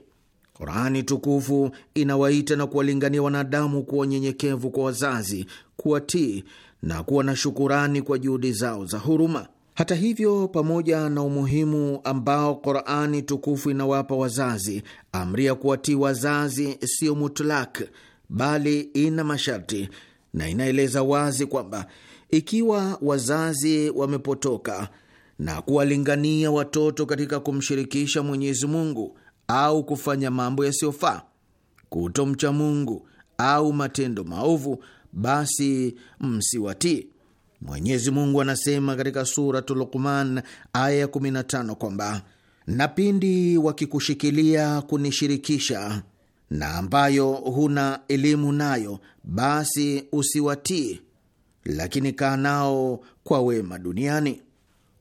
Qurani tukufu inawaita na kuwalingania wanadamu kuwa nyenyekevu kwa wazazi, kuwatii na kuwa na shukurani kwa juhudi zao za huruma. Hata hivyo, pamoja na umuhimu ambao Qurani tukufu inawapa wazazi, amri ya kuwatii wazazi siyo mutlak, bali ina masharti na inaeleza wazi kwamba ikiwa wazazi wamepotoka na kuwalingania watoto katika kumshirikisha Mwenyezi Mungu au kufanya mambo yasiyofaa, kutomcha Mungu au matendo maovu, basi msiwatii. Mwenyezi Mungu anasema katika Suratu Lukman aya ya 15 kwamba na pindi wakikushikilia kunishirikisha na ambayo huna elimu nayo, basi usiwatii, lakini kaa nao kwa wema duniani.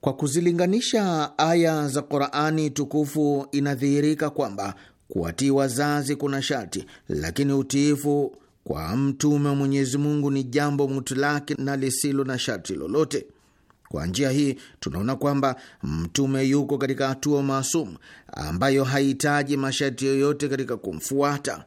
Kwa kuzilinganisha aya za Qurani tukufu, inadhihirika kwamba kuwatii wazazi kuna sharti, lakini utiifu kwa mtume wa Mwenyezi Mungu ni jambo mutlaki na lisilo na sharti lolote. Kwa njia hii tunaona kwamba mtume yuko katika hatua maasum ambayo hahitaji masharti yoyote katika kumfuata.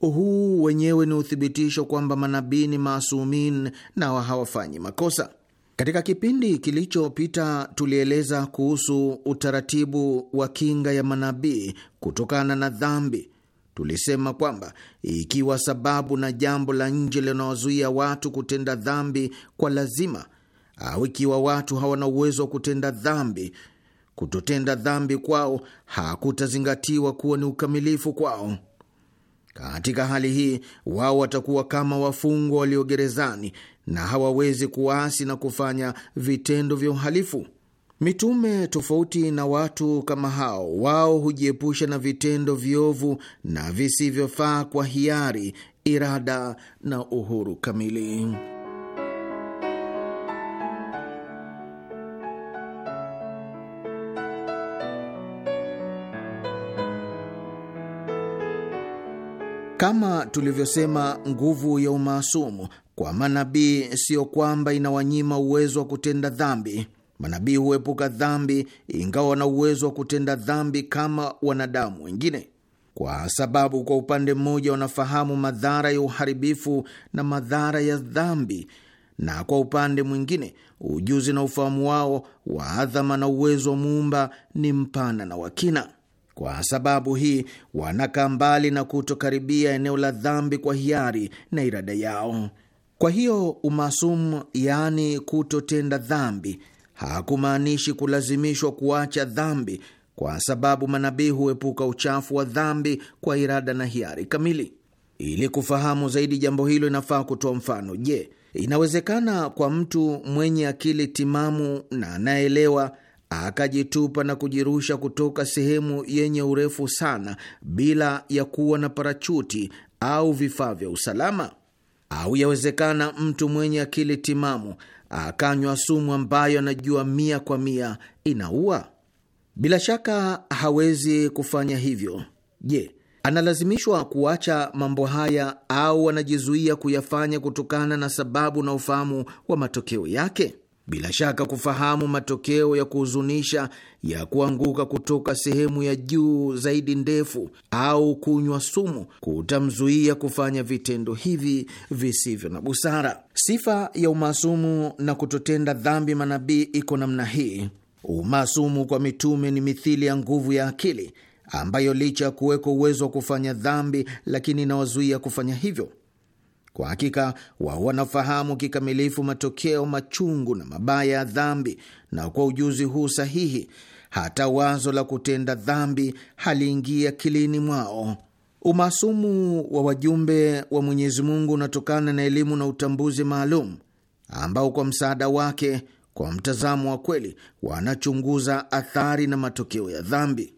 Huu wenyewe ni uthibitisho kwamba manabii ni maasumin na hawafanyi makosa. Katika kipindi kilichopita tulieleza kuhusu utaratibu wa kinga ya manabii kutokana na dhambi. Tulisema kwamba ikiwa sababu na jambo la nje linawazuia watu kutenda dhambi kwa lazima au ikiwa watu hawana uwezo wa kutenda dhambi, kutotenda dhambi kwao hakutazingatiwa kuwa ni ukamilifu kwao. Katika hali hii, wao watakuwa kama wafungwa walio gerezani na hawawezi kuasi na kufanya vitendo vya uhalifu. Mitume, tofauti na watu kama hao, wao hujiepusha na vitendo viovu na visivyofaa kwa hiari, irada na uhuru kamili. Kama tulivyosema, nguvu ya umaasumu kwa manabii siyo kwamba inawanyima uwezo wa kutenda dhambi. Manabii huepuka dhambi, ingawa wana uwezo wa kutenda dhambi kama wanadamu wengine, kwa sababu kwa upande mmoja wanafahamu madhara ya uharibifu na madhara ya dhambi, na kwa upande mwingine ujuzi na ufahamu wao wa adhama na uwezo wa muumba ni mpana na wakina. Kwa sababu hii wanakaa mbali na kutokaribia eneo la dhambi kwa hiari na irada yao. Kwa hiyo umasumu, yaani kutotenda dhambi, hakumaanishi kulazimishwa kuacha dhambi, kwa sababu manabii huepuka uchafu wa dhambi kwa irada na hiari kamili. Ili kufahamu zaidi jambo hilo, inafaa kutoa mfano. Je, inawezekana kwa mtu mwenye akili timamu na anayeelewa akajitupa na kujirusha kutoka sehemu yenye urefu sana bila ya kuwa na parachuti au vifaa vya usalama? Au yawezekana mtu mwenye akili timamu akanywa sumu ambayo anajua mia kwa mia inaua? Bila shaka hawezi kufanya hivyo. Je, analazimishwa kuacha mambo haya au anajizuia kuyafanya kutokana na sababu na ufahamu wa matokeo yake? Bila shaka kufahamu matokeo ya kuhuzunisha ya kuanguka kutoka sehemu ya juu zaidi ndefu au kunywa sumu kutamzuia kufanya vitendo hivi visivyo na busara. Sifa ya umaasumu na kutotenda dhambi manabii iko namna hii. Umaasumu kwa mitume ni mithili ya nguvu ya akili ambayo licha ya kuwekwa uwezo wa kufanya dhambi, lakini inawazuia kufanya hivyo. Kwa hakika wao wanafahamu kikamilifu matokeo machungu na mabaya ya dhambi, na kwa ujuzi huu sahihi, hata wazo la kutenda dhambi haliingia kilini mwao. Umaasumu wa wajumbe wa Mwenyezi Mungu unatokana na elimu na utambuzi maalum ambao kwa msaada wake, kwa mtazamo wa kweli, wanachunguza athari na matokeo ya dhambi.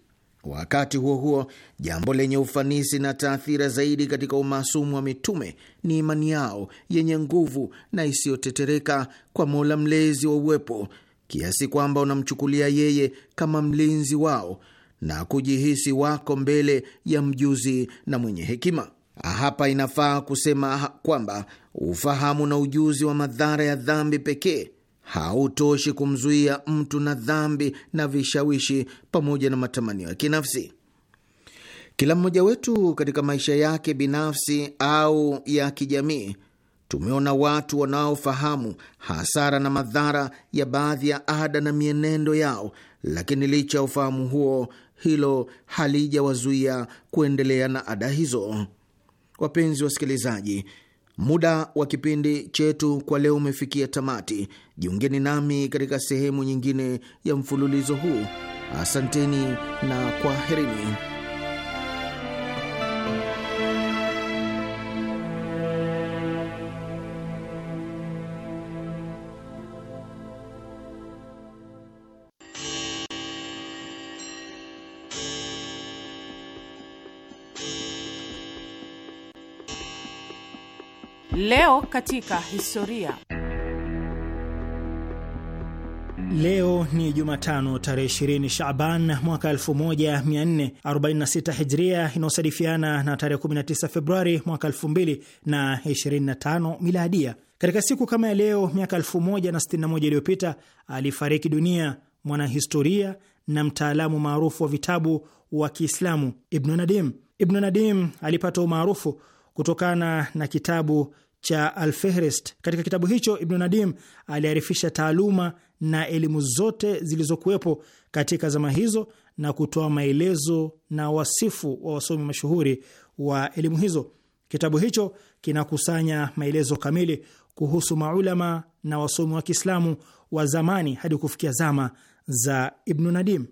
Wakati huo huo, jambo lenye ufanisi na taathira zaidi katika umaasumu wa mitume ni imani yao yenye nguvu na isiyotetereka kwa Mola mlezi wa uwepo, kiasi kwamba unamchukulia yeye kama mlinzi wao na kujihisi wako mbele ya mjuzi na mwenye hekima. Hapa inafaa kusema kwamba ufahamu na ujuzi wa madhara ya dhambi pekee hautoshi kumzuia mtu na dhambi na vishawishi pamoja na matamanio ya kinafsi. Kila mmoja wetu katika maisha yake binafsi au ya kijamii tumeona watu wanaofahamu hasara na madhara ya baadhi ya ada na mienendo yao, lakini licha ya ufahamu huo, hilo halijawazuia kuendelea na ada hizo. Wapenzi wasikilizaji, Muda wa kipindi chetu kwa leo umefikia tamati. Jiungeni nami katika sehemu nyingine ya mfululizo huu. Asanteni na kwaherini. Leo katika historia. Leo ni Jumatano tarehe 20 Shaban mwaka 1446 Hijria, inayosadifiana na tarehe 19 Februari mwaka 2025 Miladia. Katika siku kama ya leo miaka 1061 iliyopita alifariki dunia mwanahistoria na mtaalamu maarufu wa vitabu wa Kiislamu Ibnu Nadim. Ibnu Nadim alipata umaarufu kutokana na kitabu cha Alfehrest. Katika kitabu hicho Ibnu Nadim aliarifisha taaluma na elimu zote zilizokuwepo katika zama hizo na kutoa maelezo na wasifu wa wasomi mashuhuri wa elimu hizo. Kitabu hicho kinakusanya maelezo kamili kuhusu maulama na wasomi wa Kiislamu wa zamani hadi kufikia zama za Ibnu Nadim.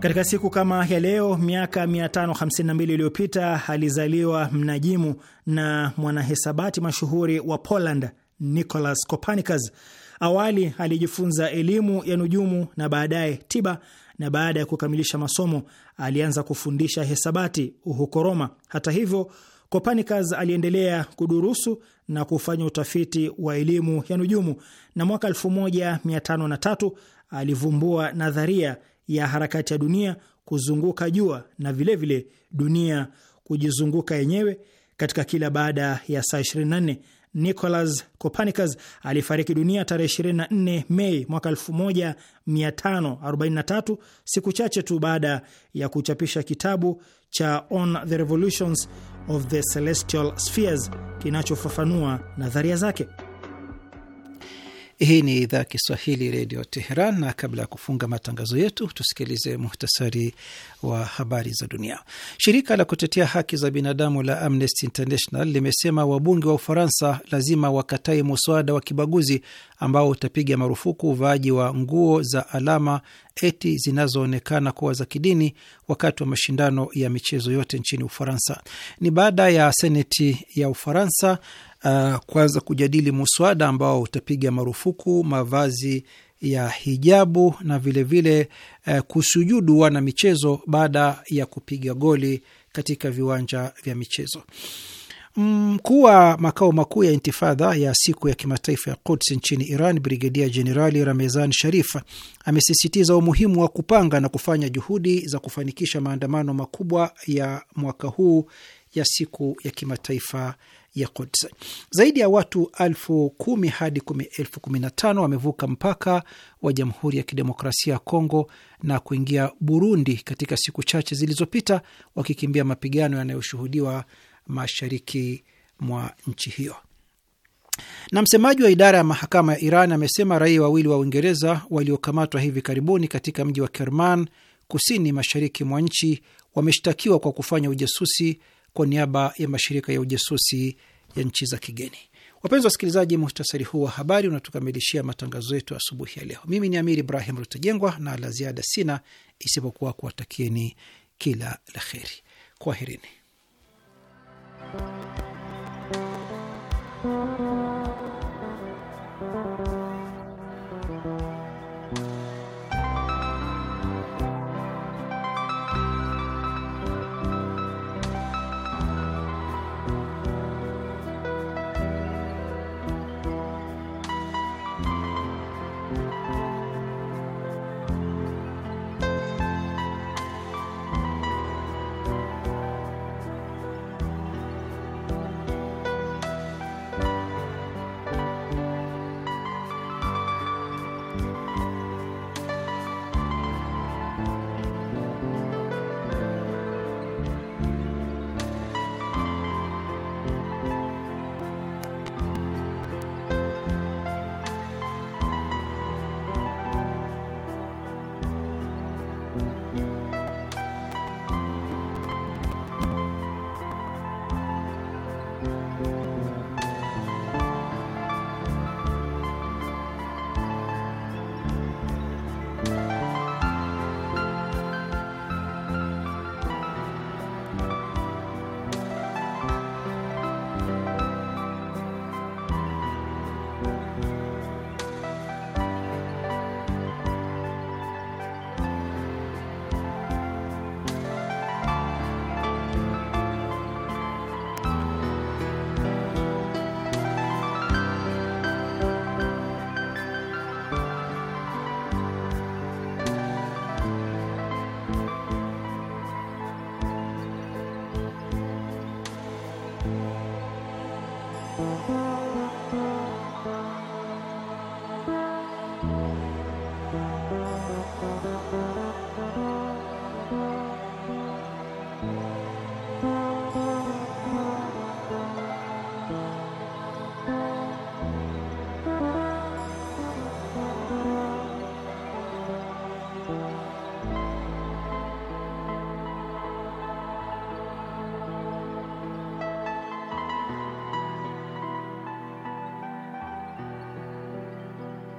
Katika siku kama ya leo miaka 552 iliyopita alizaliwa mnajimu na mwanahesabati mashuhuri wa Poland Nicolas Copernicus. Awali alijifunza elimu ya nujumu na baadaye tiba, na baada ya kukamilisha masomo alianza kufundisha hesabati huko Roma. Hata hivyo, Copernicus aliendelea kudurusu na kufanya utafiti wa elimu ya nujumu, na mwaka 1503 alivumbua nadharia ya harakati ya dunia kuzunguka jua na vilevile vile dunia kujizunguka yenyewe katika kila baada ya saa 24. Nicolas Copernicus alifariki dunia tarehe 24 Mei mwaka 1543, siku chache tu baada ya kuchapisha kitabu cha On the Revolutions of the Celestial Spheres kinachofafanua nadharia zake. Hii ni idhaa Kiswahili redio Teheran, na kabla ya kufunga matangazo yetu tusikilize muhtasari wa habari za dunia. Shirika la kutetea haki za binadamu la Amnesty International limesema wabunge wa Ufaransa lazima wakatae muswada wa kibaguzi ambao utapiga marufuku uvaaji wa nguo za alama eti zinazoonekana kuwa za kidini wakati wa mashindano ya michezo yote nchini Ufaransa. Ni baada ya seneti ya Ufaransa uh, kuanza kujadili muswada ambao utapiga marufuku mavazi ya hijabu na vilevile vile, eh, kusujudu wana michezo baada ya kupiga goli katika viwanja vya michezo. Mkuu wa makao makuu ya intifadha ya siku ya kimataifa ya Quds nchini Iran, Brigedia Jenerali Ramezan Sharif amesisitiza umuhimu wa kupanga na kufanya juhudi za kufanikisha maandamano makubwa ya mwaka huu ya siku ya kimataifa ya Quds. Zaidi ya watu elfu kumi hadi elfu kumi na tano wamevuka mpaka wa Jamhuri ya Kidemokrasia ya Kongo na kuingia Burundi katika siku chache zilizopita, wakikimbia mapigano yanayoshuhudiwa mashariki mwa nchi hiyo. Na msemaji wa idara ya mahakama ya Iran amesema raia wawili wa Uingereza waliokamatwa hivi karibuni katika mji wa Kerman kusini mashariki mwa nchi wameshtakiwa kwa kufanya ujasusi kwa niaba ya mashirika ya ujasusi ya nchi za kigeni. Wapenzi wa wasikilizaji, muhtasari huu wa habari unatukamilishia matangazo yetu asubuhi ya leo. Mimi ni Amir Ibrahim Rutajengwa, na la ziada sina isipokuwa kuwatakieni kila la heri. Kwaherini.